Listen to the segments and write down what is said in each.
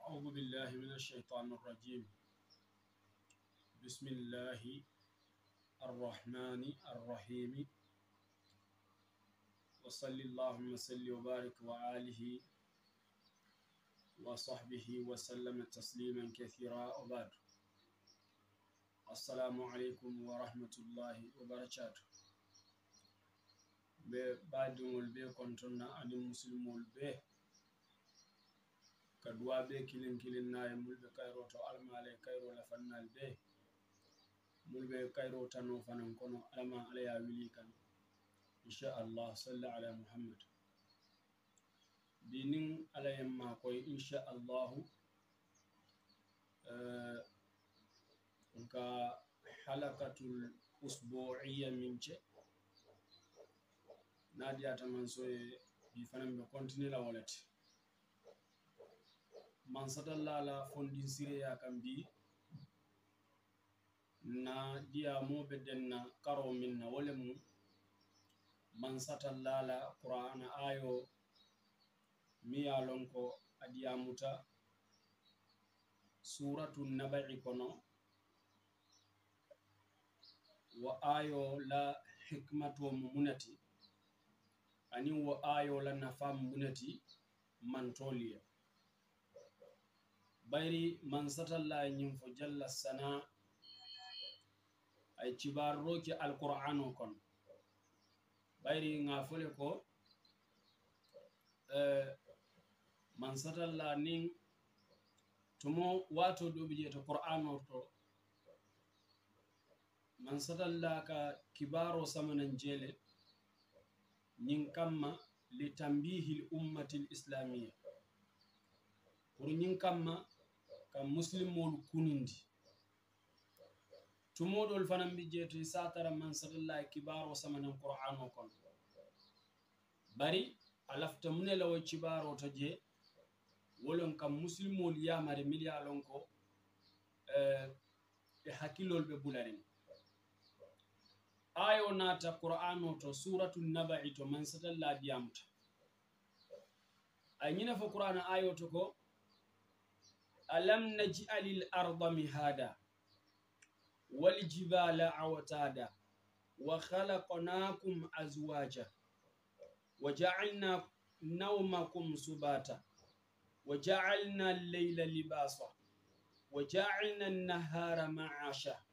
أعوذ بالله من الشيطان الرجيم بسم الله الرحمن الرحيم وصلي الله وسلم وبارك وآله وصحبه وسلم تسليما كثيرا وبارك السلام عليكم ورحمة الله وبركاته be badiŋol be kontonna ani musilmol be kaduwa be kilin kilin naye mulɓe kayro to almale kayro lafannal be mulɓe kayro tano fanan kono alama alaya wili kan inchallah salla ala muhammad binin alayen makoy inchallahu eh, nka halakatul usboiya min ce nadiyata mansoye mi fanan ɓe continue la wolet mansatal lala fonɗin siriya kam mbi na ɗiya moɓe denna karo min na wole mum mansatal lala qur'ana ayo miya lonko aɗiyamuta suratu naɓai kono wa ayo la hikmatuo mumunati anin wo ayola nafam bunati mantoliya bayri mansatalla ñinfo jalla sana ay cibarroke alqur'an o kon bayri nga fole ko e, eh, mansatalla nin tomo wato ɗo ɓijeeta qur'an o to mansatalla ka kibaro samanan jeele nin kamma li tambihi l ummati l islamia pour nin kamma kam muslimol kunindi tumoɗol fana mbi jeetoy satara mansarillahi kibaro samanen qur'an o kon bari a lafta munelawo cibaro to je wolon kam muslimol yamare milyalon ko eh, e hakkillol ɓe bularin ayo nata qur'ano to suratu naba'i to mansatal labiyamuta ay ñine fo qur'ano ayo to ko alam naj'ali l arda mihada waljibala awtada wa khalaqnakum azwaja wa jaalna nawmakum subata wa jaalna alleyla libasa wa jaalna annahara maasha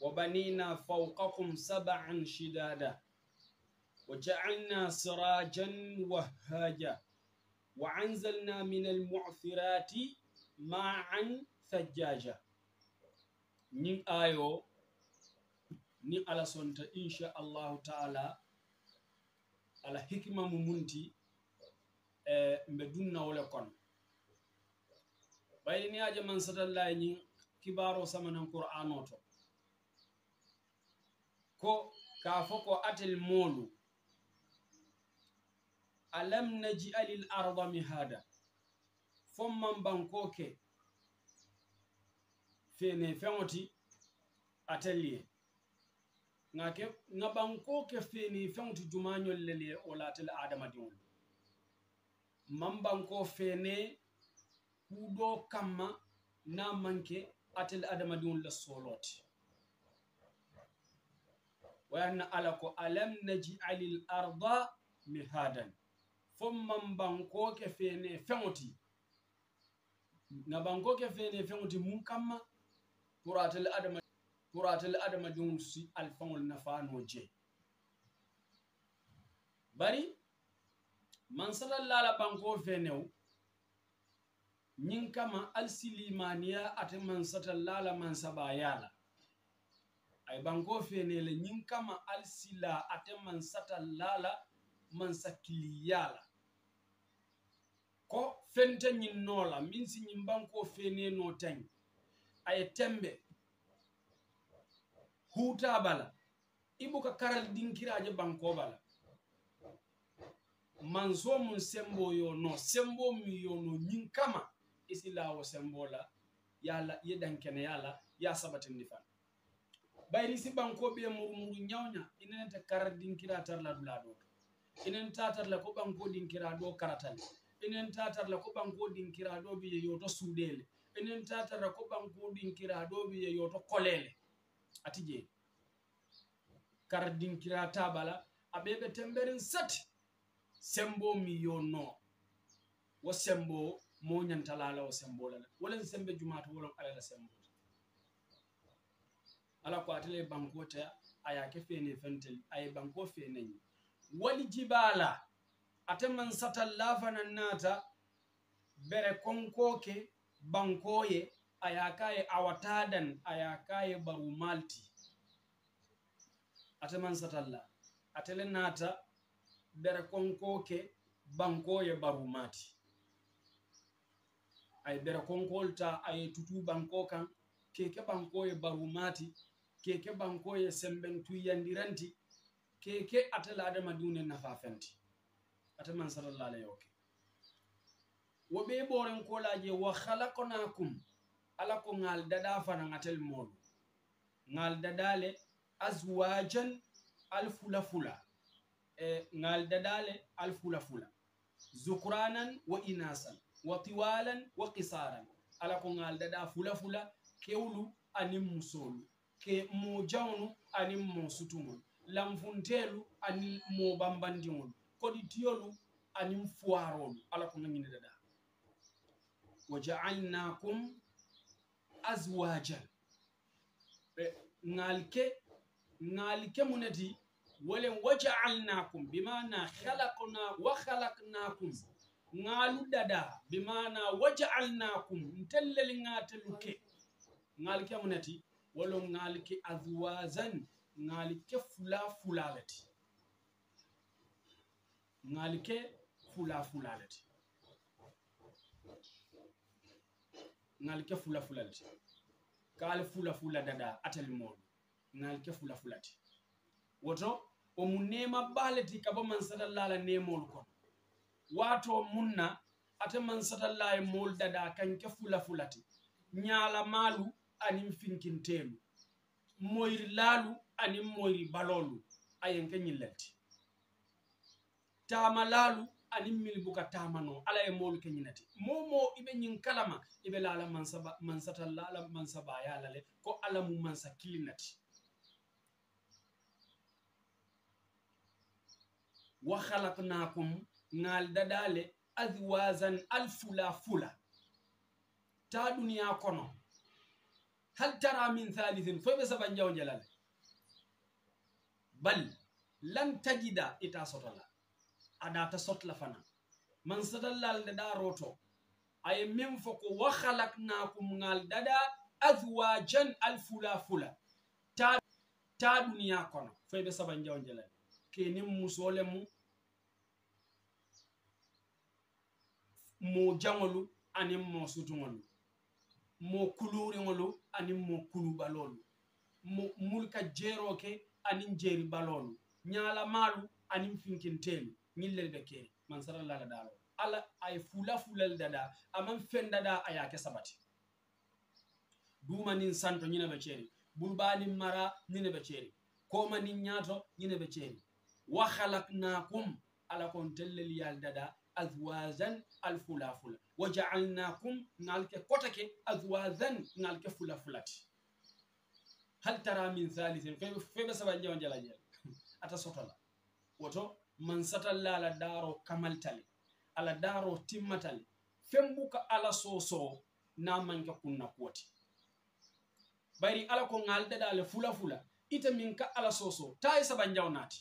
wa banina faukahum saban shidada wa jaalna sirajan wahaja wa anzalna min almufirati maan sajjaja ñin ayo ni alasonta inchallahu taala ala hikma mu munti e mbe dunnawole kon ɓayde ni aja man satallay ñin kibaro samanan qur'an o to ko kafo ko atel molu alam naji alil arda mihada fomman bankoke fene feŋoti atelie ake ŋa bankoke feni feŋoti jumayol lelie o latel adamadiol man banko fene kudo kamma na manke atel adamadiol la soloti o yanna ala ko alam naji alil arda mihadan fommambankoke fene feŋoti na bankoke fene feŋoti mum kamma puratel adama puratel adama jomum si alfaŋol nafano je bari mansalallala banko fenew ñin kama alsilimaniya ate mansatallala mansaba yala ay bango fenele ñinkama alsila ate man sata lala man sakkili yala ko fenta ñinnola min si ñin banko feneno tañ aye tembe huta bala ibuka karal dinkiraje banko bala man somum sembo yono sembo mi yono ñinkama isilawo sembola yala yedankene yala ya sabatindi fan bayri sibankoɓeye murmuru ñawña inenta kara dinkira tarla dula ɗo to inen tatarla ko ɓanko dinkira ɗo karatal inen tatarla ko ɓanko dinkira ɗo biye yoto suuɗele enen tatarla ko ɓanko dinkira ɗo biye yoto kolele atije kara dinkira tabala aɓeɓe temberin sati sembo mi yono wo sembo moñantalala o sembo lala wolen sembe jumato wolon alala sembo ala ko atele banko ta a yake fene fentel aye banko feneyi wali jibala ateman satal lafana nata bere konkoke bankoye ayakaye awatadan ayakaye baru malti ateman satalla atele nata bere konkoke bankoye baru mati ay bere konkolta aye tutu banko kan keke bankoye baru mati keke bankoye semben tuyyandiranti keke ataladama dune nafa fenti ataman sallallah Wa oke wo ɓe ɓoren kolaje wa khalaqnakum ala ko ngal dada fana ngatel moɗum ngal dadale azwajan alfulafula e ngal dadale alfulafula zukranan wa inasan wa tiwalan wa qisaran ala ko ngal dada fula fula kewlu anin musolu ke mo jawnu anin mo sutugol lamfuntelu anin mo bambandigol koɗi tiyolu anin fuwarolu ala ko gagine daɗa wa jaalnakum aswajan ɓe ngalke ngalke muneti wolen wa jaalnakum bimana halakna wa halaknakum ngalu daɗa bimana wa jaalnakum ntellel ngatelu ke ngalke muneti wolo ŋaalike aduwasan ŋaalike fula fulaleti ŋaalike fula fulaleti ŋaalike fula fulaleti kaali fula fula dada atali moolu ŋaalike fula fulati woto o mu nema baleti kabo mansatallala nemol kono wato munna ate mansatallaye mool dada kanke fula fulati nyaala maalu anin finkinteelu moyri laalu anin moyri baloolu ayen ke ñillalti taama laalu anin milbuka taamano ala e moolu ke ñinati momo iɓe ñin kalama iɓe laala mansaba mansata laala mansabayalale ko alamu mansa kilinati wa halaknakum ngal dadale adwasan alfula fula ta duniya kono hal tara min halihin foy ɓe saba jawjalal bal lan tajida ita sotola adata sotla fana man sotallal ɗe ɗa roto aye min fo ko wa halaknakum ngal ɗaɗa aswajan alfula fula ta ta duniya kono foy ɓe saba jawjalal kenin musole mu mo jamolu anin mo sutugolu mo kuluriŋolu anin mo kulubalolu mulka jeroke anin jeri balolu ñala malu anin finkintelu ñillel be kere mansaralala dalo ala aye fula fulal dada aman fen dada ayake sabati dumanin santo ñina be ceri bulbanin mara ñina be ceri komanin ñato ñina be ceri wa halaknakum ala kon tellel yal dada aswajan alfulafula wajaalnakum nalke kotake azwazan nalke fula fulati hal tara min thalithin febe saba njawa njala njala ata sotola woto man satalla ala daro kamaltale ala daro timmatali fembuka ala soso na manke kunna kuwati bayri ala ko ngalde dale fula fula ita min ka ala soso tay sabanjaw njaw nati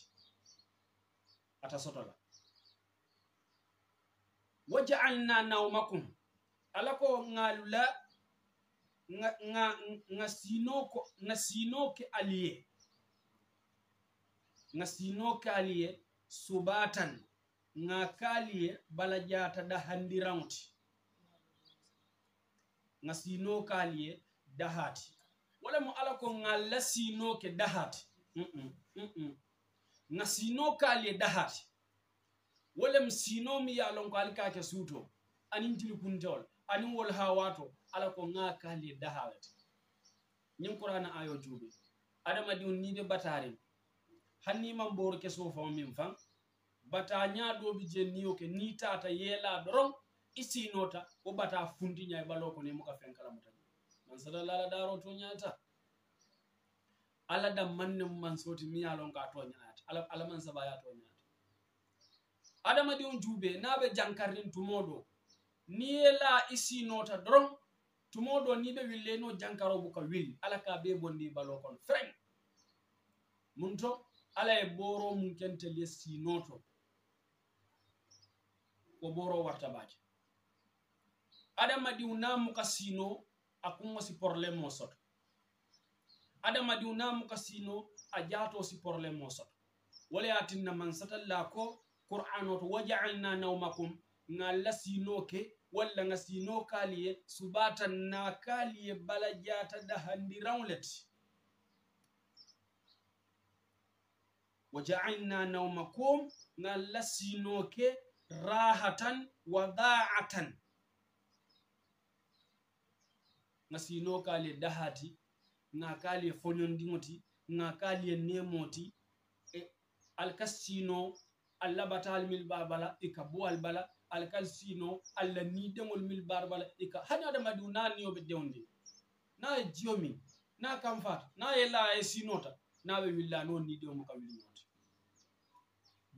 ata sotola wo jaalna nawmakum ala ko ngalula nga nga sinoko na sinoke aliye nga sinoke aliye subatan nga kaliye bala jata da handirauti nga sinoke aliye dahati wala mo ala ko ngalla sinoke dahati mm -mm, mm -mm. nga sinoke aliye dahati wolem sinomi yalon ko alkake suto anin tili kuntewol anin wol hawato ala ko gakali dahalate ñin qurana ayo juuɓe adama di on nide batarin hannimam boro keso fam min fan bata ñaɗoɓe je niyoke ni tata yeelaɗo ron isinota o bata funtiñay ɓalo ko nemoka fenkala mo tañi man sadalla ala daro to ñata ala dam mannemo man soti mi yalonka toñanata ala man saba ya toñana adamadi on juuɓe naɓe jankarnin tumoɗo niye laa isi nota dron tumoɗo ni ɓe willeno jankaro boka wil alaka be bonni balokon fren munto ala e boro mum kente lesti noto ko boro warta baake adama diw namuka sino a kumosi probléme mo soto adama diw namuka sino a jaato si probléme mo soto wala ya tinna man satallako qur'an o to wajaalna nawmakum nga lasinoke walla nga sino kaaliye subata na kaaliye bala jaatada handi rawlet wajaalna nawmakum nga lasinoke rahatan wa daatan nga sino kaaliye dahati nga kaaliye foñondiŋoti nga kaaliye nemoti e alkassino allah batal milbarbala ika e bo albala alkal sino allah ni deŋol milbarbala ika e hani adamadiw na niyoɓe dewde na e jiyomin na kamfata na yella e sinota naɓe willa noon ni dewmo kam wilnote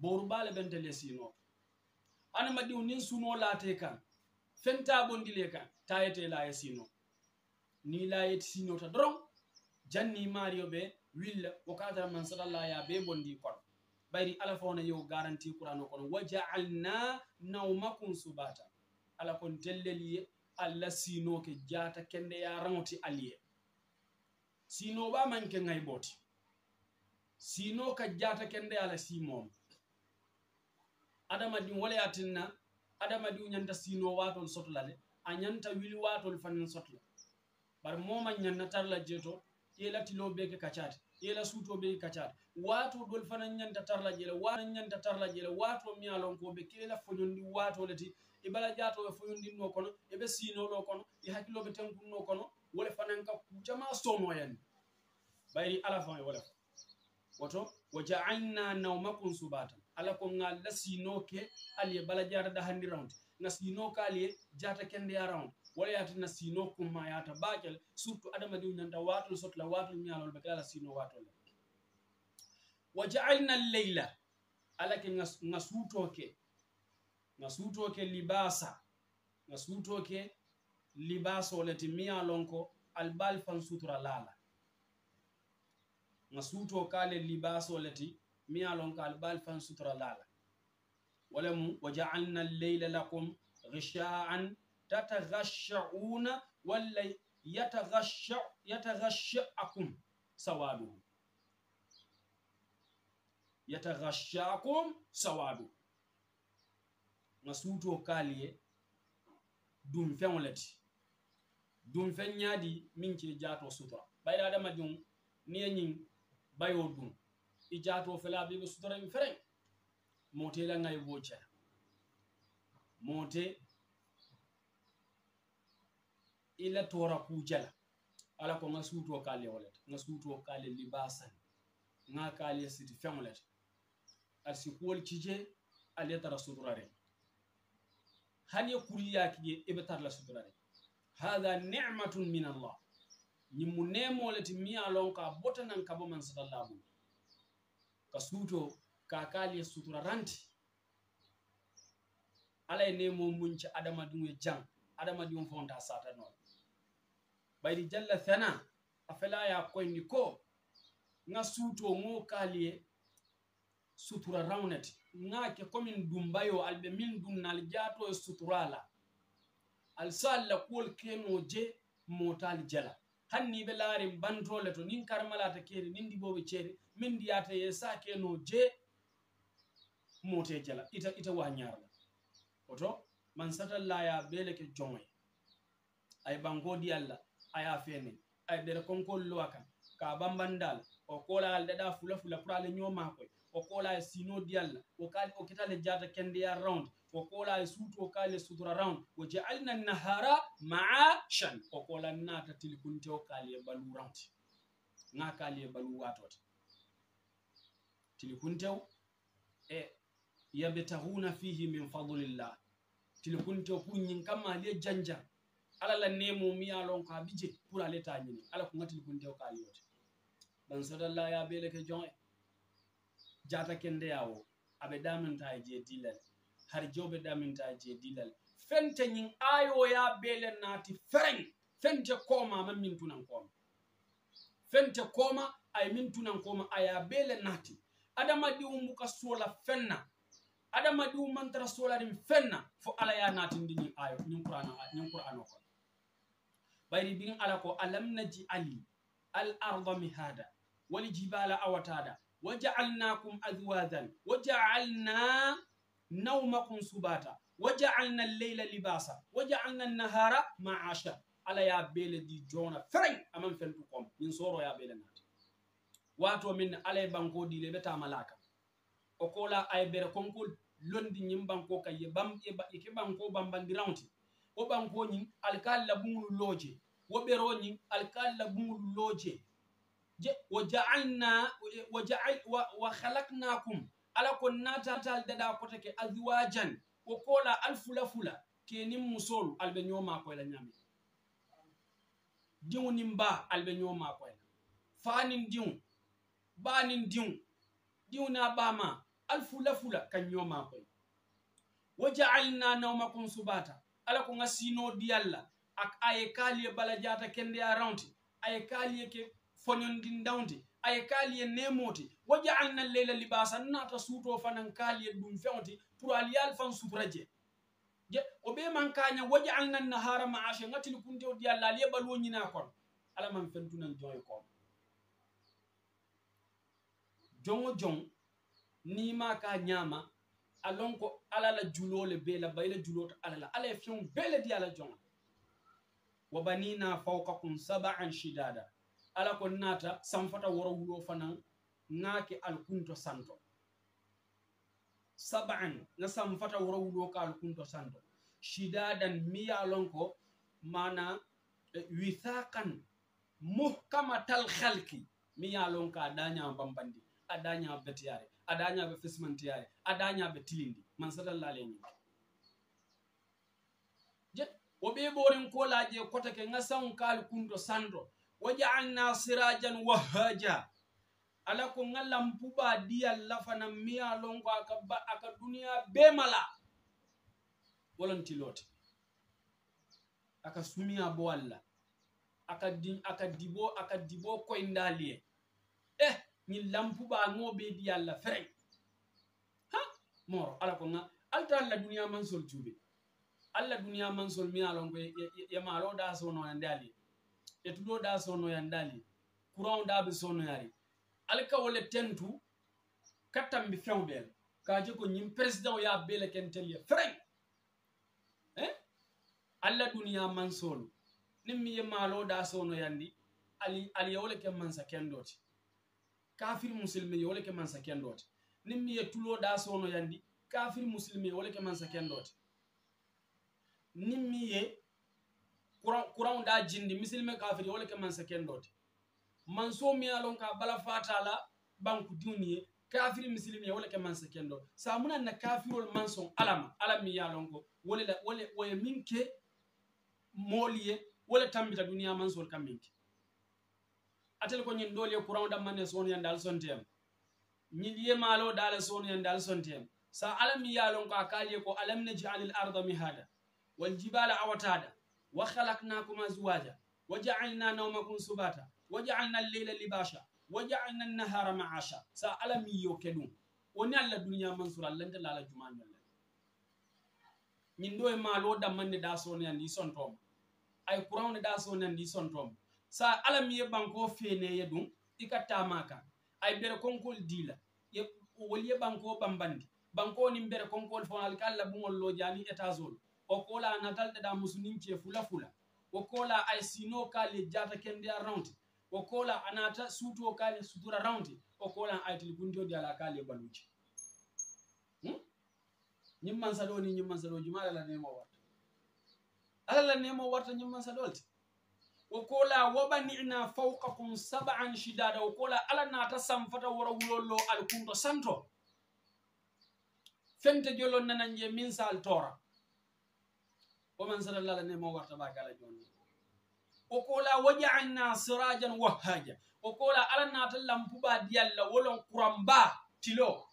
borubale ɓentele sinoɓe adamadiw nin suno late kan fenta bondile kan tayete la e sino ni layet sinota doron janni mariyo ɓe willa wo katara man saɗa laya be bondi kono bayri ala fawna yo garanti qurano kono wa jaalna nawmakum subata ala kon delleliye allah sinoke jata kende ya ranoti alliye sinoɓa manke gayɓoti sino ka jata kende ala simom adama ɗi wala yatinna adama ɗi ñanta sino watol sotla de a ñanta wili watol fanin sotla bar moma ñannatarla jeeto ƴelatilo beke kacate yela suutoɓe kacaat waato ɗol fana ñanta tarla jeela waa ñanta tarla jeela waato miyalonkoɓe kelela foñondi waatoleti e ɓala jaatoɓe foñondinno kono eɓe siinoɗo kono e hakkiloɓe tankunno kono wole fananka kujama somoyani bayri alafa e wolef woto wo jaalna nawmakum subatan ala ko nga la siinoke aliye bala jaatada hanndi rawnde nga siinoka aliye jaata kende ya rawnde wala yahatana sino kumma yahata baƴal surtout adama diw nanta watol sotla watol ñalol ɓe kalala sino watole wa jaalna leyla alake nga suutoke nga suutoke libasa nga suutoke libasolete miyalonko albal fan sutura laala nga suuto kaale libasolete miyalonko albal fan sutura laala wala mu wa jaalna leyla lakum gishaan tatagashauna walla yatagashaakum sawaduhu yatagashaakum sawaduhu ga suuto kaaliye dum feŋo leti dum feŋ ñaadi miŋ ke jaato sutura ɓayi adama diŋ ni ye ñiŋ bayo dum i jaato fela be be sutura iŋ fereŋ moteela ŋayi wo cera mote ila tora kujala ala ko nga suutuo kaale woleta nga suutuo kaale libasan nga kaale siti feŋolata aɗa si kuwol cije ala yetara sutrare hal ye kuri yaakije iɓe tarla sutrare hatha nematun min allah ñimmu nemoleti miya lon ka botanan kabo man satallamun ka suuto ka kaaliye sutura ranti alaye nemo muñce adamadiŋo e jaŋ adamadiŋo fonta satanoo bayri jalla thana a felaya koyndi ko nga suuto ngo kaaliye sutura rawnati ngake komin dumbayo alɓe min dumnal jaato e suturala alsa allah kuwol keno je motali jala hanni ɓe laari bantole to nin karmalata keere nin ndiɓoɓe ceere min ndiyata ye sa keno je moote e jala ita ita wa ñarla oto man satallaya beeleke jongoy ay bangodi allah a yafeni ay ɗer konkol lowa kan ka bambandal o kolaal ɗeɗa fula fula pour ale ñomakoy o kola e sino diyalla o kali o kitale jata kendeya round o kola e suutu o kalile sutura round o jaalina nahara maachan o kola naata tilikunte o kali e balu round nga kali e balu watote tilikuntew e yabtahuna fihi min fadlillah tilikuntew pour ñin kammaliye janjan alalah nemo miya lon ko a bije pour ale ta ñini ala ko gatini kon dew ka yoote ɓan sodalla ya ɓeleke jon e jata ke ndeya o aɓe ɗaminta e je dilal har jowɓe ɗaminta e je dilal fente ñin ayoya ɓeele naati fereng fente koma ma min tunankoma fente koma aye min tunankoma aya ɓeele naati adama ɗiwumbuka suola fenna adama ɗiwumantara suolarin fenna fo ala ya naatindi ñin ayo ñin qouran ñin qouran o kon bayri bin ala ko alam naji ali al arda mihada wali jibala awataɗa wa jaalnakum aswasan wa jaalna nawmakum subata wa jaalna leyla libasa wa jaalna nahara maasha ala ya bele di jona frey aman fentu kom min soro ya bele nati wato min alaye banko di le ɓeta malaka o kola aybere konko londi ñim banko kaye bam ye ke banko bambandirawti woɓangoñin alkalla bumulu looje woɓeroñin alkalla bumulu looje wajaalnawa halaknakum ala ko natatal daɗa kotake aziwajan o kola alfulafula kenin musolu alɓe ñomakoyla ñami diwnin ba alɓe ñomakoyla fanin diw banin diw diwna ɓama alfulafula kan ñomakoy wajaalna nawmakum subata ala ko gasino ɗi allah ak aye kaaliye bala jata kende ya rawte aye kaaliye ke foñondi dawde aye kaaliye nemote wo jaalna leyla libasa nata suuto fanan kaaliye ɗum fewte pour al yaal fan suprajee je o ɓeman kaña wo jaalnan nahara maache gatili kuntew ɗi allah al yeɓal woñina kon alaman fentunan jon e kon jongo jon nima ka ñama alon ko alala julole be la bayila julota alala ala e fewu bele di ala jonga wa banina fawqakum saban shidada ala ko naata sanfata woro wulo fanan ngaake alkunto santo saban na sanfata woro wulo ko alkunto santo shidadan miya lon ko mana e, wihakan muhkamatal halki miya lon ko a daña bambandi a daña betiyare aɗa ñaaɓe fesmantiyare aɗa ñaaɓe tilindi man saɗan laale ñiɓe je o ɓe ɓoren kolaje kotake gasan kaali kunɗo sanɗo wo jaalna sirajan wahaja ala ko ngalampuɓa diyal lafana miya lonko aka ba aka duniya be mala wolontilote aka sumiya bo allah aka di aka dibo aka dibo koyndaliye eh min lampuɓa ngo ɓeedi allah frey ha moro ala ko ga alta allah duniya mansol juuɓe allah duniya mansol minalon ko ye malo ɗa sono yandali e tuɗo ɗa sono yandali courant ɗaɓe sonoyari alkawole tentu kattanɓe fewɓeen kaje ko ñin président o ya bele kentel ye frey e eh? allah duniya mansolu nin mi ye malo ɗa sono yandi ali aliyawole ken mansa kendoti kafir musilme yoleke mansa kendote nin mi yettuloɗa sono yandi kafir musilme yoleke mansa kendote nin mi ye kuran da jindi musilme kafir yoleke mansa kendote manso mi alon ka bala fatala banku duniye kafir musilme yoleke mansa kendo samunanna kafirol manson alama alammi yalonko wolewoye minke moliye wole tambita duniya mansol kamminke atel ko ñin dool ye courant ɗam manne soonu yande al sonteyam ñin ye maalo daala soonu yande al sonteyam sa alam mi yaalon ko a kaaliye ko alam najal l arda wal waljibala awataada wa halaknakuma zuwaja wa jaalna nawmakum subata wa jaalna lleyla libasha wa jaalna nahara maasha sa alam mi yo ke ɗum woni allah duniya mansura allantala ala jumañolle ñin do e maalo damman ne da soonu yandi i sontoma ay courant ne da soonu yandi i sontoma sa alam ye ɓanko feneye ɗum ikattamaka ay bere konkol dila wol ye ɓanko ɓambandi ɓanko onin bere konkol fonal ka allah ɓumol lojani étagol o kola natal ɗaɗa musuninthie fula fula o kola ay sino kale jata kende a rawnte o kola a nata suuto kale sutura rawnte o kola aytel gundiodi ala kale baluji ñimmansaɗo hmm? ni ñimmansaɗo jumaalala nemo warta alalah nemo warta ñimmansaɗolte o kola waɓani'na fawqakum saba'an chidada o kola ala nata samfata wora wulollo alkunto santo fente jollo nananje min sal tora oman sallallah ne mo warta bakala joni o kola waja'anna sirajan wahaja o kola ala nata lampuɓa diyalla wolon kuramba tilo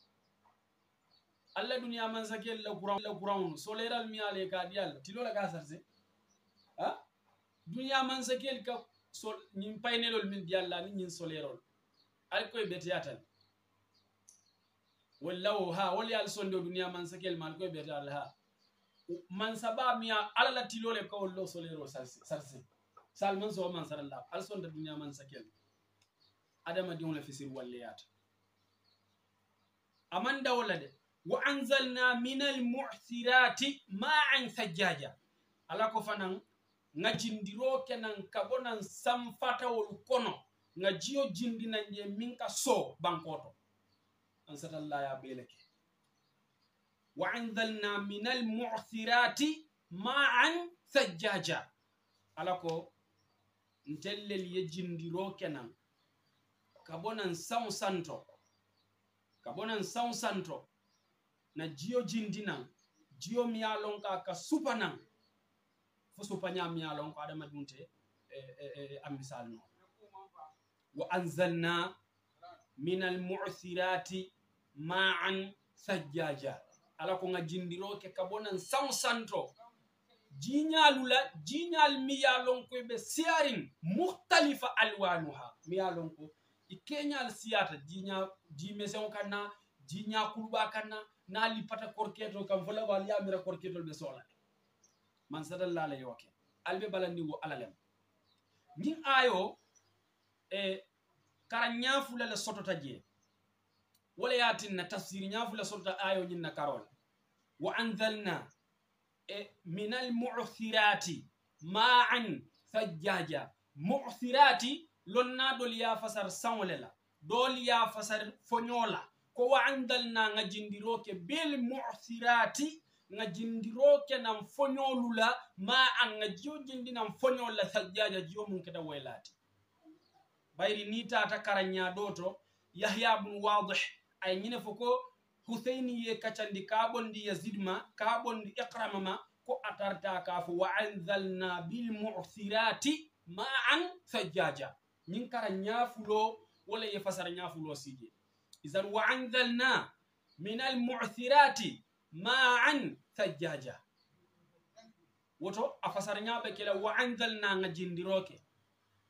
allah duniya man sakel la kuran la kuran so leral miyale ka diyalla tilo la ka sarse a huh? duniya mansakel ka so min paynelol min mbiyallani min solerol ari koye beteya tan wallawo ha wol yal sonde o duniya mansakel ma ari koye beete allah ha mansaba miya allah tilole kawollo solero sarse salman soo mansaralla al sonde duniya mansakel adamadiola e fisir walleyata aman dawola de wo anzalna min almusirati ma an sajjaja ala ko fanan ga jindiroke nan ka bo nan samfatawol kono ga jiyo jindinan je min ka so bankoto an satallaya ɓeleke wa anzalna min almusirati ma an sajjaja ala ko ntellel ye jindiroke nan ka bo nan sam santo ka bo nan sam santo na jiyo jindinan jiyo miyalonka ka supanan fosopañamiyalon ko aɗama ƴunte e, e, e, ambisal noon wa anzalna min al mucsirati maan sajjaja ala ko gajindiroke ka bonan sawsanto jiñalula jiñal miyalonko ɓe siyarin muhtalifa alwanuha miyalonko i keñal siyata jiña jimaison kanna jiña kulɓa kanna na lippata korketo kam folawal yamira korketol ɓe sohlae man saɗan lala yewake alɓe balanningo alalem ndin ayo e kara ñafulale sotota je wala yatinna tafsir ñafula sotota ayo ñinna karol wa anzalna e min almuhirati maan fajjaja muhirati lonna ɗol yafasar sawlela ɗol yafasar foñola ko wa andalna ngajindiroke bel muhirati nga jindiroke nan foñolula ma an nga jiyo jindi nan foñolla sajjaja jiyo mum keda waylaati bayri ni tata karanya ɗo to yahya bnu wadih ay ñine fo ko husayni ye kacandi ka ɓondi yasid ma ka ɓondi iqrama ma ko atarta ka fo wa anzalna bil mursirati ma an sajjaja min kara ñafulo wala ye fasara ñafulo siije isan wa anzalna min al mursirati maan tajjaja woto a fasarñaɓe kela wa anzalnanga jindiroke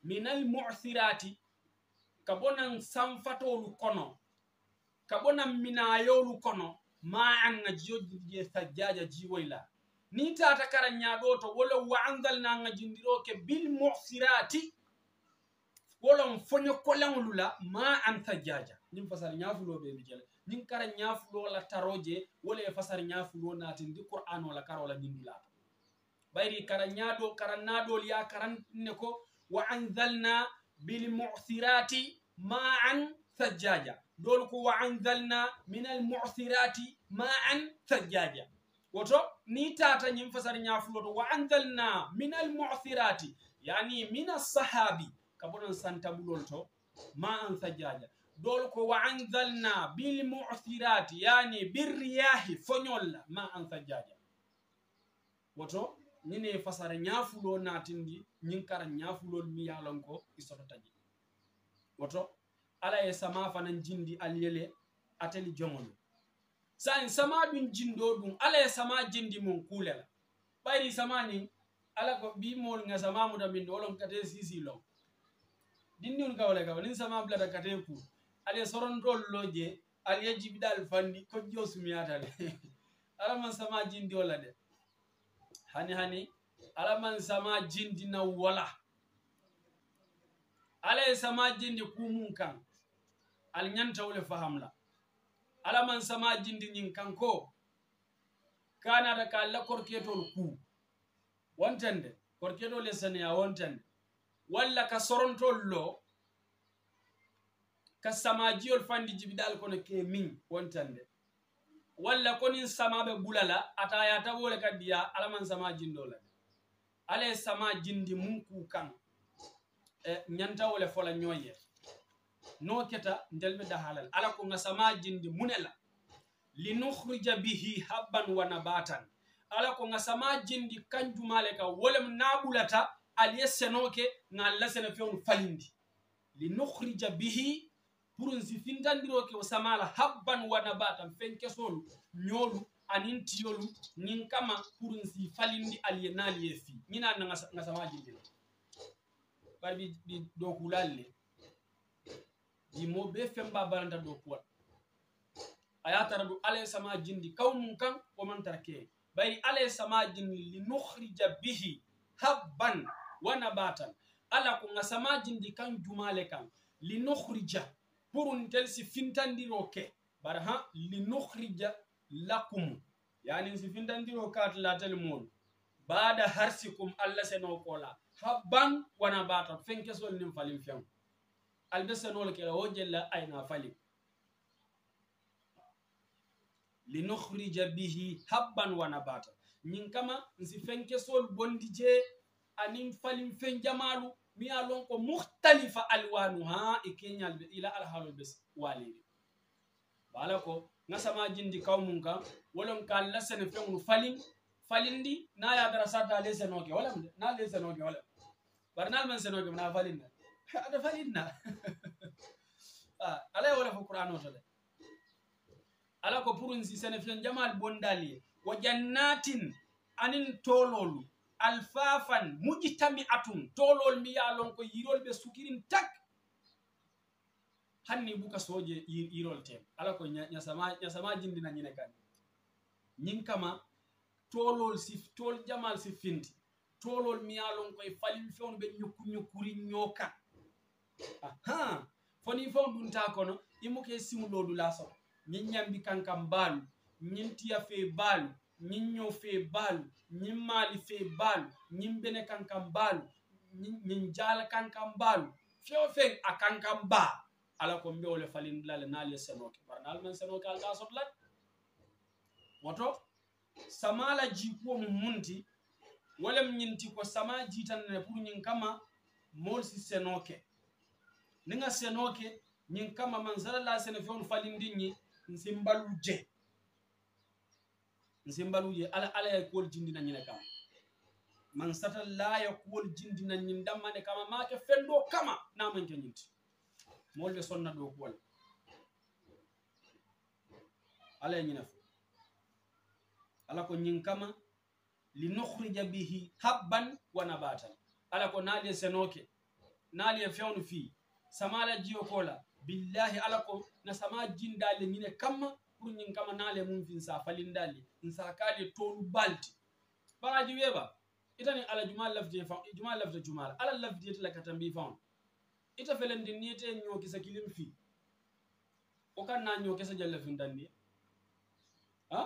minal mucsirati ka bonan sanfatolu kono ka bonan minayolu kono ma anga jojje sajjaja jiwoyla ni tata kara ñaɗo to wolo wa anzalnanga jindiroke bil mucsirati wolon foño kolanlula ma an sajjaja ɗin fasar ñafuloɓe mijele min kara ñafulola taroje wole e fasar ñafulo natindi qur'an ola karola ndindu laata ɓayri kara ñaɗo kara naɗol ya karanne ko wa andalna bil mucirati ma an sajjaja dol ko wa andalna min al mucirati ma an sajjaja woto ni tata ñim fasar ñafulo to wa andalna min al mucirati yani min asahabi kaboɗon santabulol to ma an sajjaja dol ko wa anzalna bilmusirati yani birriyahi foñolla ma ansajaja woto ñine fasare ñafulo natindi ñin kara ñafulol mi yalonko i soto taji woto ala e sama fanan jindi alyele ateli jomolu san sama ɗum jindo ɗum ala e sama jindi mum kulela ɓayri sama nin ala ko bimol ga sama mudaminde olon kate sisi long dinni un kawle kawa nin sama blata kate kuul aɗa sorontoolloje aɗa yejjibiɗal fanndi kojjo sumiyata de alaman sama jindi wala de hani hani alaman sama jindi na wala alaye sama jindi kumum kan ala ñantawle fahamla alaman sama jindi ñin kanko kanata ka lakorketol ku wontande korketole sanaya wontande walla ka sorontol lo kasamajiyol fandi jibidal kono ke min wontande walla konin samaɓe gulala ata yata wole kaddiya alaman sama jindola ala sama jindi mum kukan e, ñantawole fola ñoye no keta ndelɓe dahalal ala ko gasama jindi munela linuhrija bihi habban wa nabatan ala ko gasama jindi kanjumale ka wolem naɓulata aliye senoke ga lasene fewnu falindi linuhrija bihi ɓuronsi findandiroke o samala habban wanabatan fenkesolu ñolu anin tiyolu nin kama ɓuronsi falindi aliye naaliye fi ñina nanga samajidila bari ɓi ɓi ɗo kulal ne dimo be femba baranta ɗo puwat a yatara ɗu alaye sama jindi kawmum kan omantara ke bayi alaye sama jindi li nukhrija bihi habban wanabatan ala ko ga sama jindi kan jumale kan li nukhrija pour ntel si fintandiro ke bara ha li nohrija lakum yani si fintandiro katlatel mol baada harsi kum allah seno kola ha ban wana bata fenkesol nin falim fen albesenol kela wo jella ayna falim linohrija bihi habban wana bata min kama nsi fenkesol bondi je anin falim fen jamalu mi ya lon ko muhtalifa alwanu ha e keñalɓe ila alhaalol ɓe walede wala ko gasama jindi kawmum kam wolon ka lasene fewnu falin falindi na yadara sarda le senoke walam de na le senoke wala warnalman senoke na falinna aɗa falinna alay wala fo qouran oto de ala ko pourunsi sene fen jamal bondalie o jannatin anin toololu alfafan muƴitami atum tolol mbiya lon ko yirolɓe sukirin tak hanni buka soje yirolte ala ko ñasama jindinañine kan ñin kama tolol si tol jamal si findi tolol miyalon koye falil fewnuɓe ñokku ñokkuri ñoka foni fewn ɗumta kono imuke simulodu laso ñin ñambi kankam baalu ñin tiya fe baalu ñin ño fee baalu ñin maali fee baalu ñin bene kankan baalu ñin jaala kankan baalu feo feen a kankan baa ala ko mbewole falindilale naalle senoke bara naalu men senoke alta sotlat woto samala jiikuwo mum munti wolem ñinti ko sama jiitannene pour ñin kama moolsi senoke ninga senoke ñin kama man sala la sene feon falindin ñi nsimbalu je nsembaluje ala ala ya kuol jindina nyine kama man sata la ya kuol jindina nyin damane kama make ke fendo kama na man ke nyinti molbe sonna do kuol ala nyina fo ala ko nyin kama linukhrija bihi habban wa nabatan ala ko nali senoke nali fewnu fi samala jiyo kola billahi ala ko na sama jindale nyine kama pour nyin kama nale mum fin sa falindale sakaje toɗu balɗi baraji wiyeɓa itani alah juma lafde juma lafde jumala ala lafdiyete lakata mbi fa on ita felende niyete ñokesa kilim fi o kanna ñokesa jallafindanndiye a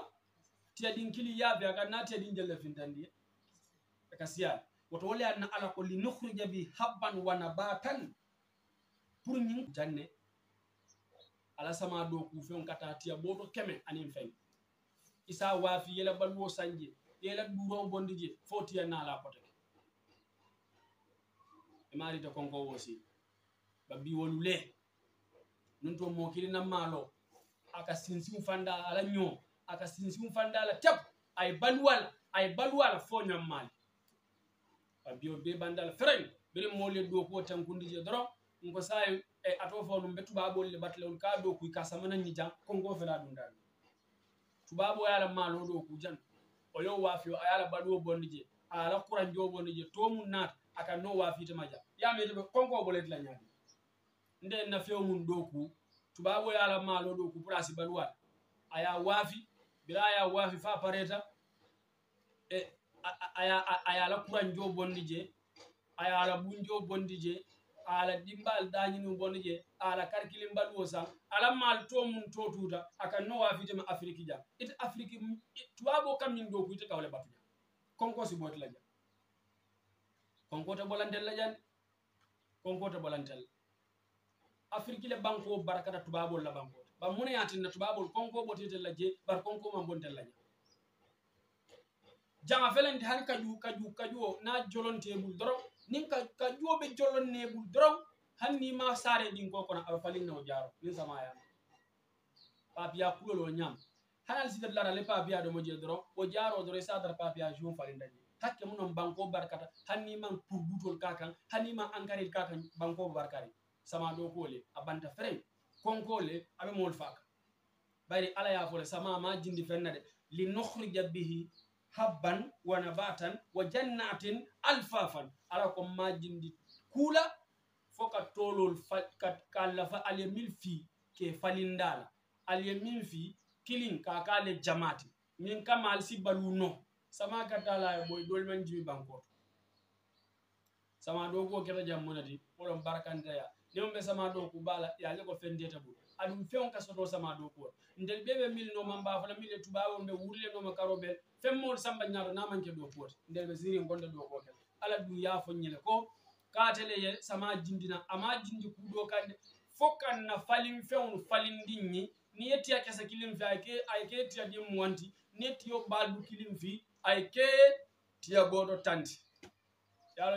tiyaɗin kili yaabe a kanna tiyaɗin jallafindanndiye aka e siya woto wole anna ala ko li nohrija bi habban wana batan pour ñin janne ala sama dow kuufe on kata tiya ɓooto keme anin feng isa waafi yela balwo sañje yela ɗuro bondi je fotiyannala potake e marita konko wosi ba biwolu le nun to mokili nam maalo aka sinsim fanda ala ño aka sinsim fanda ala tep ay balwal ay balwal fo ñam maali ba biwo be bandal ferañ bele moolle do ko tankundi je doro ɗum ko sa e, e ato fo num ɓe tubaɓolle batlewol ka do kuy ka samananñi jan konko fela ɗum dani tubabu o yaala maalo ɗo kujan o yow waafi o e, a yaala baɗuwo bonni je a ala kuran jo bonni je to mum naata akan no waafitema ja yamiteɓe konko boletila ñaadi nde na few mum ɗo ku tubabu o yaala maalo ɗo ku prasi baɗuwaɗa a ya waafi bila a ya waafi fa pareta e aya ayala kuran jo bonni je a yaala ɓum jo bonni je ala dimbaal dañinu bonu je ala karkili mbaɗuo san alamaal to mum to tuuta akan no waafitema afrique jam ita afrique tuwaɓo kam min dow ku ita kawle batu jam konko si botila jam konko to bolantella jan konko to bolantella afrique le banko barakata tubabol la bankota ba muna yatinna tubabol konko ɓotetella je bar konko ma bontella jam jama felente hay kaju kaju kaju o na jolontebul dorog nin ka ka ƴoɓe jolloneɓu dorow hannima saare ɗin gokono aɓe falinna o jaro min samaya papiya kulol o ñam hay alsidallanale papiya ɗomo jeɗ doron o jaro doro e sadar papiya jon falindaje hakke munon banko barkata hanniman pourbutol kakan hanniman encarel kakan banko barkari sama ɗo kole a banta frein konkole aɓe mol faka bayri ala yafole samama jindi fennade li nohrija bihi habban wa nabatan wa jannatin alfafan ala ko majindi kuula fo ka tolol kallafa alyamin fi ke falindala alyamin fi kilin kakale jamati min kamal sibbalu no sama gaddalayo ɓoy e dol man jimi bankoto sama ɗo go keta jammunadi oɗon barkandeya nemoɓe sama ɗo ku bala yaleko fendeta ɓuɗo aɗum fewn kasoto sama dow koor ndel ɓe ɓe milno man mbafala mille tubaɓe on ɓe wurlenoma karoɓel femmol samba ñaaɗo namanke dow kooti ndel ɓe siri gonda dow kokel ala ɗum yafoñele ko katele ye sama jindina ama jindi kuuɗo kande fokkanna falin fewnu falindinñi ni yettiya kesa kilim fi ayke ayke tiya ɗim wanti ni yettiyo baldu kilim fi ayke tiya goɗo tanti yaalo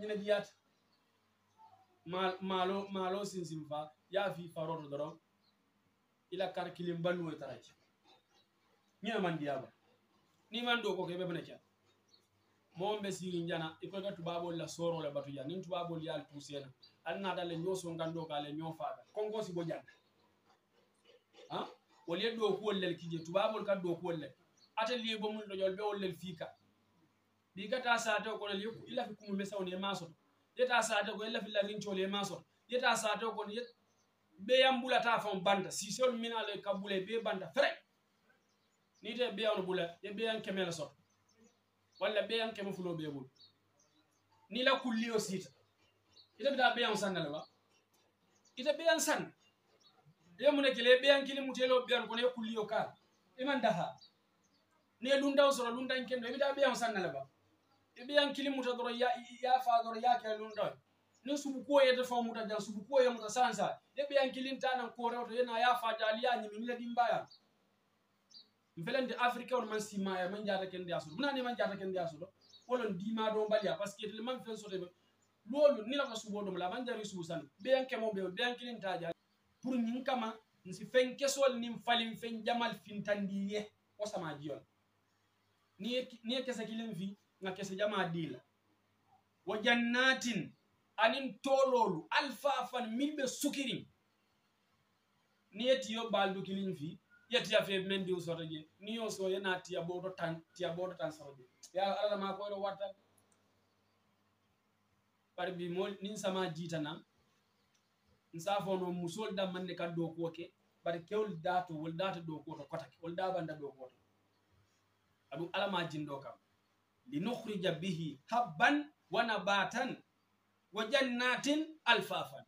ñina jiyata malo malo sinsim faa yaafi farono doron ila karkile mballuwo e taraji ñamandiyaba e niman ɗo koke ɓeɓne ca moon ɓe siri jana ikoyga e tubaɓolla sorole batuja nin tubaɓol yal tusena annaɗale ñoso ganɗo kale ñofaɗa konkosi bo janɗa a wolye ɗo kuwollel kije tubaɓol kad ɗo kuwollel atelie bo mun ɗoñol ɓe ollel fika ɗigata sate o kono yeku ilafi kumuɓe sawni e masoto yeta sate ko yellafilla rincole e masoto yeta sate o kono be yambulata fon banta sisol minale kabule be banta fre nite beyano bula ye beyan kemela sot walla beyan keme fulo bebul ni la kulliyo sita ita bita beyan sannale wa ita beyan san ye mune kele ye beyan kili mutelo beyan kono ye kulliyo ka iman e daha ni ye lundan soro lundan kendo ye bita beyan sannale ba ye beyan kili muta doro ya fa doro ya kele lundan nan subu koyeta famuta jan subu koyemuta sansa yeɓe yankilinta nan korewto yena ya fajaliya ñimiila ɗimbaya felande africa on man simaya man jata kende a soɗo munani man jata kende a soɗo olon dima do mbaɗiya par ce que tele man fen soteɓe lolu nilata subo ɗum la man jari subu san ɓeyankemoɓe ɓeyankilintaja pour min kama si fen kesol nin falin fen jamal fintandi ye o samaji on niye kese kilin fi ga kese jama dila wo jannatin anin tolowlu alfafan min ɓe sukirin ni yetti yo baldukilin fi yettiya fe men diw sotoje ni yo soyena tiya ɓoɗo tan tiya ɓoɗo tan sotoje ya allah ma koyɗo wartan par bi mo nin sama jiitanan n safo no musol dam mande kan dow kooke bar kewl dato wol data dow koto kotake wol dabanda dow koto aɗum alama jindo kam li nohrija bihi habban wana batan go ƴannaten alfafan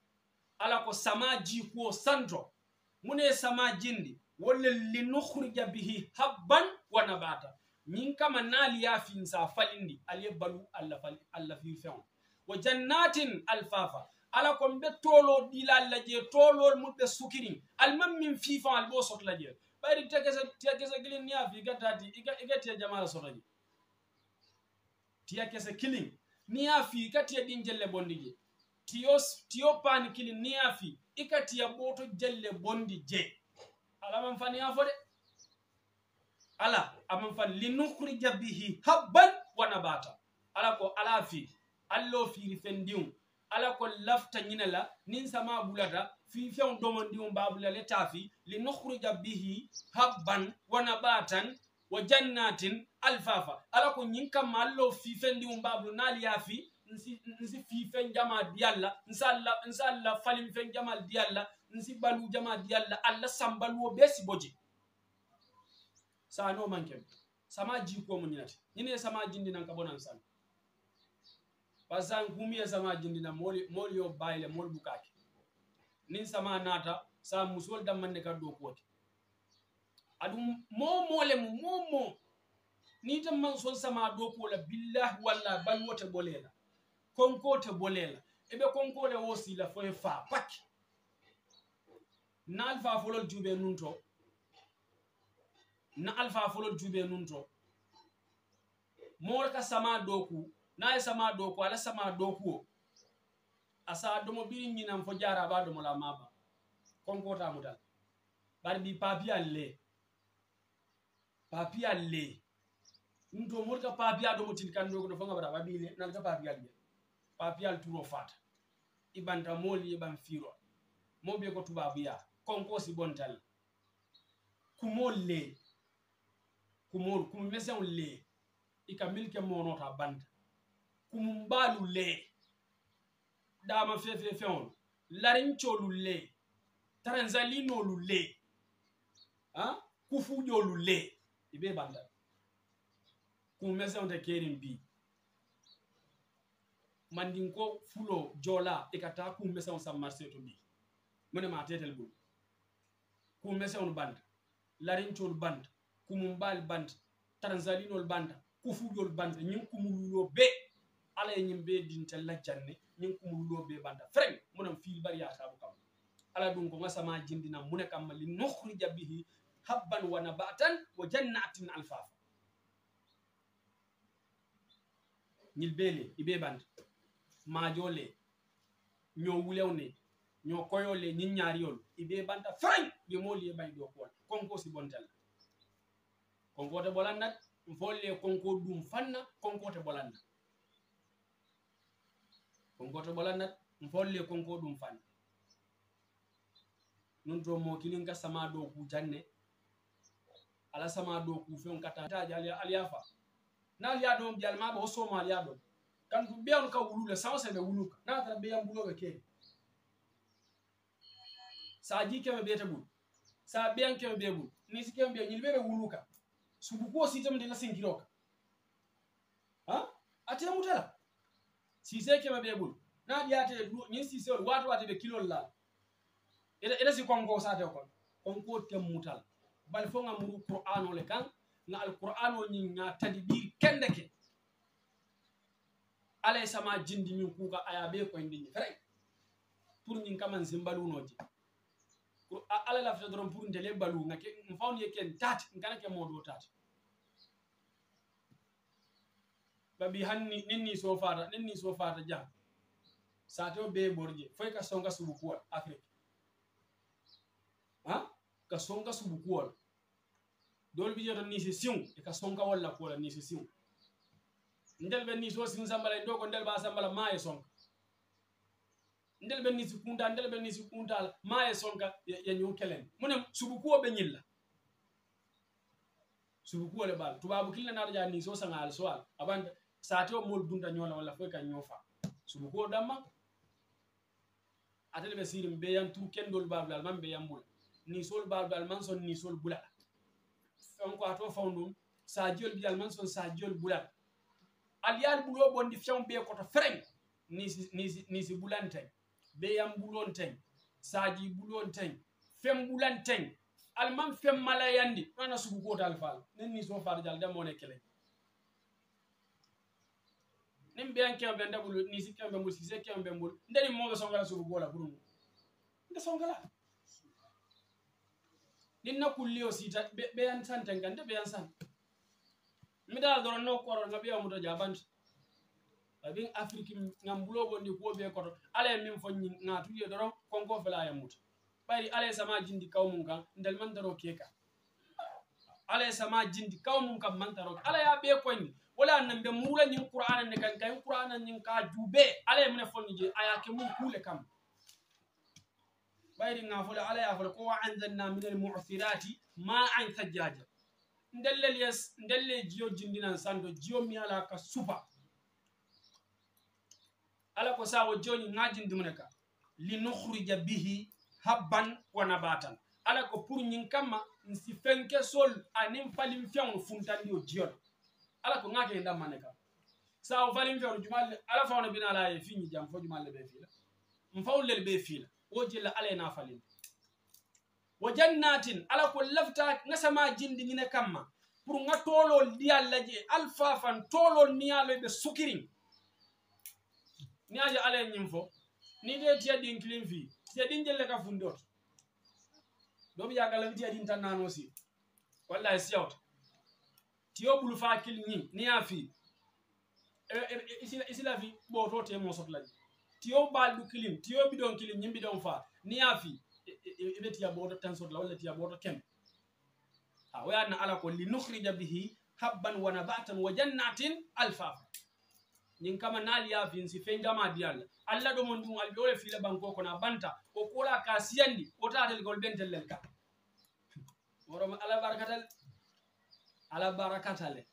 ala ko sama jiikuwo sandro mune sama jindi wollel li nohrija bihi habban wa nabata min kama naali yaafin sa falindi aliye balu allah firfe on wo jannatin alfafa ala kon ɓe toolo ɗilalla je toolol muɓe sukirin almam min fifan al ɓo sotla je ɓayri tiya kese kilin niyaafi igatati iga tiya jamala sotaje tiya kese kilin niya fi ikatiya ɗinjelle bondi je tiyo pani kili niya fi ikatiya ɓoto jelle bondi je alaman fan ya fo de ala aman fan linukrija bihi habban wanabata ala ko ala fi allo firi fendiu ala ko lafta ñinela nin sama bulata fi few domondiu babulale taafi linukrija bihi habban wanabatan wo jannatin alfafa ala ko ñin kamma allo fifendi mum babru naali yaafi nsi fifen jama di allah nsi allah falimi fen jama di allah nsi balu jama di allah allah sambaluwo be si boje sano mankem sama jikomo ñinati ñine sama jindinan ka bonan san par ce que humiye sama jindinan mol yo bayile mol bukake nin sama nata sa musol dammande kaddo kuwote aɗum momole mo momo ni tamman son sama dow kola billah walla balwote bolela konkote bolela eɓe konkole wosila foye fa pak na alfa folol juɓe nunto na alfa folol juɓe nunto moolka sama dowku naye sama dowku ala sama dowku o asa domo ɓiri ñinan fo jaraɓa domola maba konkotamudal ɓar mbi papi al le papiyal le ntomor ka papiya dogo tin kando ko fanga bara babile nan ka papiyal be papiyal turo fat ibanta moli iban firo be ko tubabuya konko si bontal kumol le kumol kum mesen le ika milke monota banta kumumbalu le dama on larin cholu le lu le ha jolu le ɗi ɓe banda kum mese onte kerin bi mandin ko fulo jola ekata kum mese on sammarse to bi mone ma tetel ɓol kum mese on band larincol band kumumbal band tranzalinol band kufuƴol band ñin kumululo be ala e ñin be dintella janne ñin kumululo be banda frem monen filbar yataɓo kam ala ɗum ko gasama jindinam mune kamma li nohrija bihi habban wa nabatan wa jannatin alfafa ñilbeele ibebande majole ño wulewne ño koyole ñiññariol ibebanta frañ ɓe moli yeɓay ɗo kool konko si bontella konkote ɓolanna folle konko ɗum fanna konkote ɓolanna konkote ɓolanna folle konko ɗum fanna nun to mokinin gasama ɗo ku janne ala sama do ku fe on kata taji ali aliafa na ali adom jal ma bo so ma ali adom kan ku be on ka wulu le sa se be wulu na ta be yam bulo be ke sa ji ke be te tabu sa be an ke be bu ni si ke be ni be wulu ka su be wuluka subukuo sitem de la singiroka ha atira mutala se ke be bu na di ate ni si se wat wat be kilo la ida ida si kongo sa te kon kongo tem mutala bal fo gamru qur'an ole kan na alqur'an o ñin na tadi ɓir kendeke alay sama jindi min kuuga aya ɓe koyndiñi fray pour ñin kaman sin mbalunoje alah lafta doron pour ndele mbalu ake m fawn yeken taati nkanake modu o taati babi hanni nenni so fata nenni so fata jan sateo ɓe borje foy ka songa subu kuwat afrique a ka sonka subu kuwol dool bi jeto nise siw e ka sonka wolla kuwola nise siw ndel ɓe niso sin sambala e ɗoo ko ndel ɓa sambala maa e sonka ndel ɓe nisi kunta ndel ɓe nisi kuntal maa e sonka ye ñu kelen mune subu kuwo ɓe ñilla subu kuwole ɓal tubabu kilne naɗo ja niso sangal soal aɓan sati o mol dunta ñoola walla foy kan ñoofa subu kuwo ɗamma atele ɓe sirim ɓeyan tu kendol babilal man ɓeyan mula nisol baldu almanson nisol bulal fewnko ato fawn ɗum sajiyol ɓi almanson sajiyol bulal aliyal ɓulo ɓondi fewn ɓe koto freng nisi ɓulan teng ɓeyam ɓulon teng saji ɓulon teng fem ɓulan teng alman fem mala yandi ɗona sugu kotal fal nen niso fardial demone kele nin ɓeyan keɓe ndeɓol nisi keɓe ɓembol sise keɓe ɓembol ndenin moɓe songala sugu gola ɓurum nde songala hinna kulliyo siita beyan yan san tenkante ɓe yan san miɗaa doron no koro nga ɓiya muta jabanti abin afrique ngam bulogo ndi kuwo ɓe koto ala min fo ŋatuye doron konko fela ya muta bari ala sama jindi kawmum kan man daro keka ala sama jindi kawmum kam mantaro ala ya ko ni wala nan be mula ñin qur'ana ne kan kayen qur'ana ñin ka juube ala e fo fonni je ayake mun kuule kam ɓayringa fole ala yafole ko wa anzanna minel mucsirati ma an sajjaja ndelle liyes ndelle jiyo jindinan sando jiyo mi ala ka supa ala ko sawo joni nga jindimune ka li nohrija bihi habban wa nabatan ala ko pour ñing kamma nsi fenke sol anin falim fewno funtandi o jiyol ala ko ngake ndammane ka sawo falim fewno jumalle ala fawno bina ala ye fiñi jam fo jumalle ɓe fiila mfawlel ɓe fiila wo jilla ala e nafalin wo jannatin ala ko lafta gasama jindi ngine kamma pour ga tolol ndiyal laji e alfafan tolol niyaloy ɓe sukirin niaje ala en ñim fo ni de tiya ɗin klin fi tiya ɗin jelle ka fundot ɗomi jagalami tiya ɗin tan nano si walla e siyawta tiyo ɓulu fa kil ñi niya fi isila fi ɓoto te mo sot laji tiyo mbaalɗu kilim tiyo ɓiɗon kilim yimɓi ɗon fa niya fi ɓe e, e, tiya boto tansotla walla tiya boto kem a o yaadna ala ko li nohrija bihi habban wana batan wa jannatin alfafa yin kama naliyafin si fe jama di allah allah ɗomon ɗum alɓe ole fila ban kokona banta o kola ka siyandi o tatelgol ɓentellel ka worom ala barakatal ala barakatale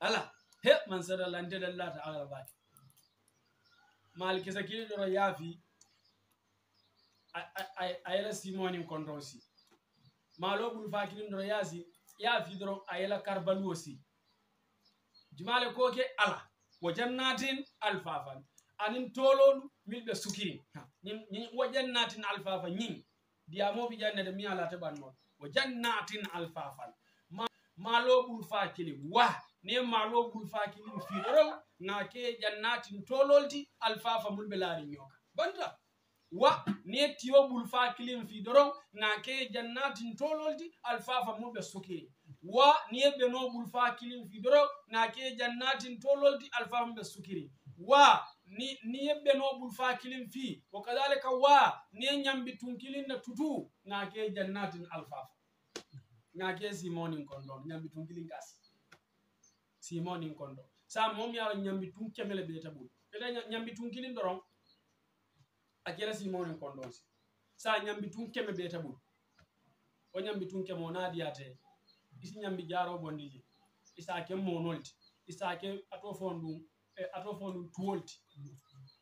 ala he man sadalantedallata alalbaki maal kesa kilinɗoro yaafi a yela simoni kondro si maalo ɓul fa kilinɗoro yasi yaafi doron a yela karbalu o si jumale koke ala wo jannatin alfafan anin toloɗu milɓe sukirin wo jannatin alfafa ñin diyamoɓi jannede mi alateɓannon wo jannatin alfafan maalo ɓul fa kili wa nen malo gul faki ɗum firorow nake ƴannatin tololdi alfafa mulɓe laari ñoka banta wa ne tiyo ɓul fa kilim fidoron nake jannatin tololdi alfafa mulɓe sokiri wa niye ɓe no ɓul fa kilim fidoron nake jannatin tololdi alfafa mulɓe sukiri wa niye ɓe no ɓul fa kilim fi wo kadalika wa ne ñambi tunkilinna tutu nake jannatin alfafa nake simonin kon ɗon ñambi tunkilin gasi simo nin kon ɗo sa mom yawa ñambi tun kemele ɓe taɓuy ele ñambi tun kinin ɗoron a kera simo nin kon ɗon si sa ñambi tun keme ɓe taɓuy o ñambi tun kemo nadiyate isi ñambi jaro bondiji isake monolti isake ato fon ɗum e ato fon ɗum tuwolti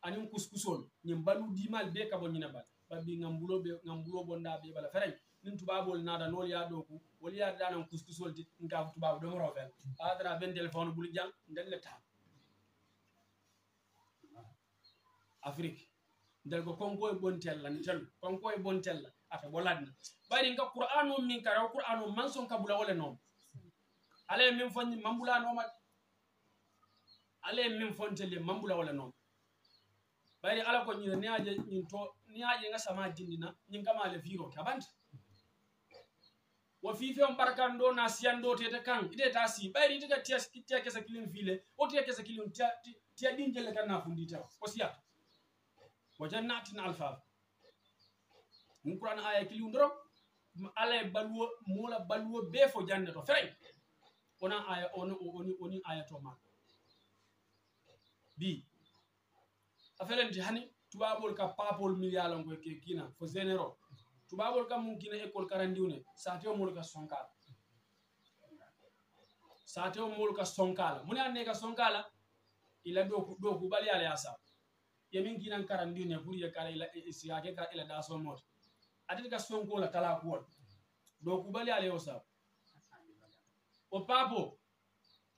anin kuskusol ñin balu dimal ɓe kabo ñine bal babi ngambuloɓe ngambulo bonɗa ɓe bala ferey nin tubabol nada nol yaɗo ku wol yardanon couscousol di ngaf tubaɓe ɗom rofen adana ɓen téléphone ɓuli jang ndelle tan afrique ndel ko konko e bon tella ni tel konko e bon tella ata bo ladna ɓayɗin ka qouran o min kara qouran o manson kabula wole noon ala min fonni mambulanoma ala min fontelli mambula wole noon ɓayɗi ala ko ñina niaje ñin to niaje nga sama dindina ñin kamale viroke abanta wo fife on ɓarkan ɗo na siyanɗo tete kan iɗeta si ɓayri tiga tiya kesa kilin file o tiya kesa kilin tiya ɗin jelle kan na fundi tawa o siyat wo jannatin alfaba min kuran aya kili ndoro alay e baluwo mola baluwo be fo jande to frey ona aya oni aya to ma bi a felenti hani tubabol ka papol milialongo ke kina fo genero tubabol kam mum kina école karandiune sate o molka sonkala sate o molka sonkala mune anne ka sonkala ila ɗo kuɓali ala yasa yemin kinan karandiune pour ye kala e, e, sikake ka ila daso mote atitka sonkola tala kuwol ɗo kuɓali ala yosa o papo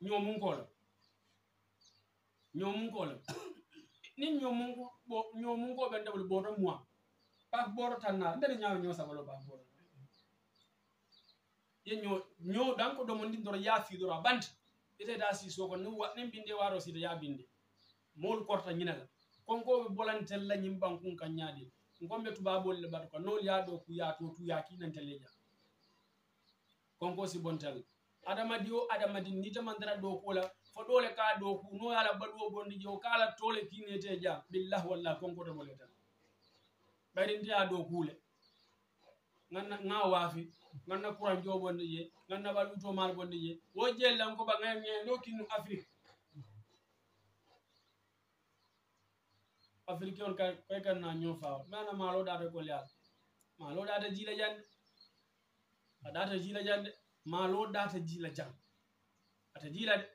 ñomun kola ñomun kola nin ñomun ko ñomun ko ɓen dawli ɓoto mois ɓakboro tan naara nder ñawa ñosamaɗo ɓakboro yeño ñoo ɗanko ɗo mo ndindoro ya fiɗoro a bante ɓeteda si soko nu waɗnen binde waro sida ya binde mool korta ñinala konkoɓe bolantella ñimban kun kan ñaadi gomɓe tubabolle ɓaɗo ka nool ya ɗo ku yato tu yakinanteleƴa konko si bontel adamadi o adamadi nitamandira ɗo kola fo ɗole ka ɗo ku no yala ɓaɗuo bondijo kala tole kineteja billah wallah konkotamoletal ɓayrintiya dow kuule ga waafi ganna kuran jo bonde je ganna ɓal utomal bonde je wo jellan ko ba gaye gaye ɗo kinno afrique afrique on koy kanna ñofawa mana malo data goleyal malo data jila jande a data jila jande malo data jila jang ata jila de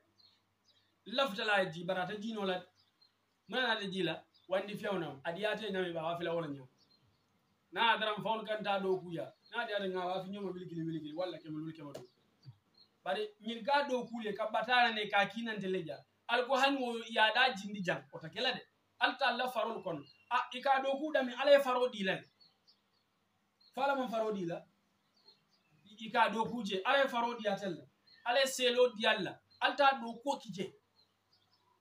laftalaye ji bara ata jinolade mana ata jila wandi fewnam aɗi yate nami ɓawa fila wona ñama na adaram fawn ganta ɗo kuya na ɗi ada gawa fi ñoma wilkili wilkili walla kema lul kema ɗo bare ñin ga ɗo kuuye kaɓɓatarane ka kinante leƴa alko hani o yaɗa jindi jang ota kela de alta allah farol kon a ika ɗo kuɗami alaye faro ɗilan falama faro ɗila ika ɗo kuje alaye faro ɗiyatella alaye seelo ɗiyalla alta ɗo kokije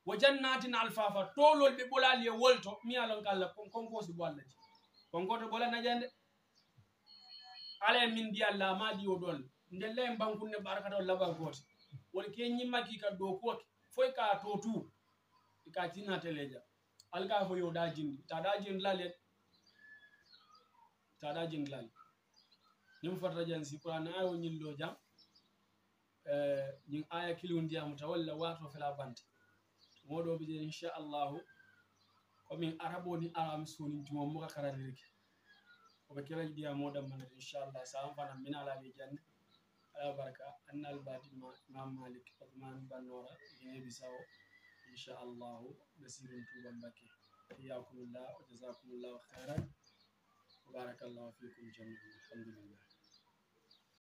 wo jannatin alfafa tolol ɓe ɓolali e wolto mi alonka allah konkosi bo allah ji kon goto golana jande ala e min ndiya laamaji yo ɗon ndellae bankunne ɓarkata o labal goote wol ke ñimmaki kad dow kuwake foy ka to tour e ka tinna teleja alka fo yo ɗa jindi taɗa jindi lale taɗa jindi lale nim fata jan si kurana ayo ñillo jam ñin e, aya kilu ndiyam tawalla wato fela bante moɗoɓe je inchallahu komin arabo ni alami suni juma muka karadirike oɓe kela jiɗiya moɗam manade inchallah sawan fana min alaɓe jande ala baraka annal badi imam malik othman bannora guine bisawo inchallahu ɓe sirin tuban bakke iyakumullah wa jasakumullahu hairan wa barakallahu fikum jamian alhamdulillah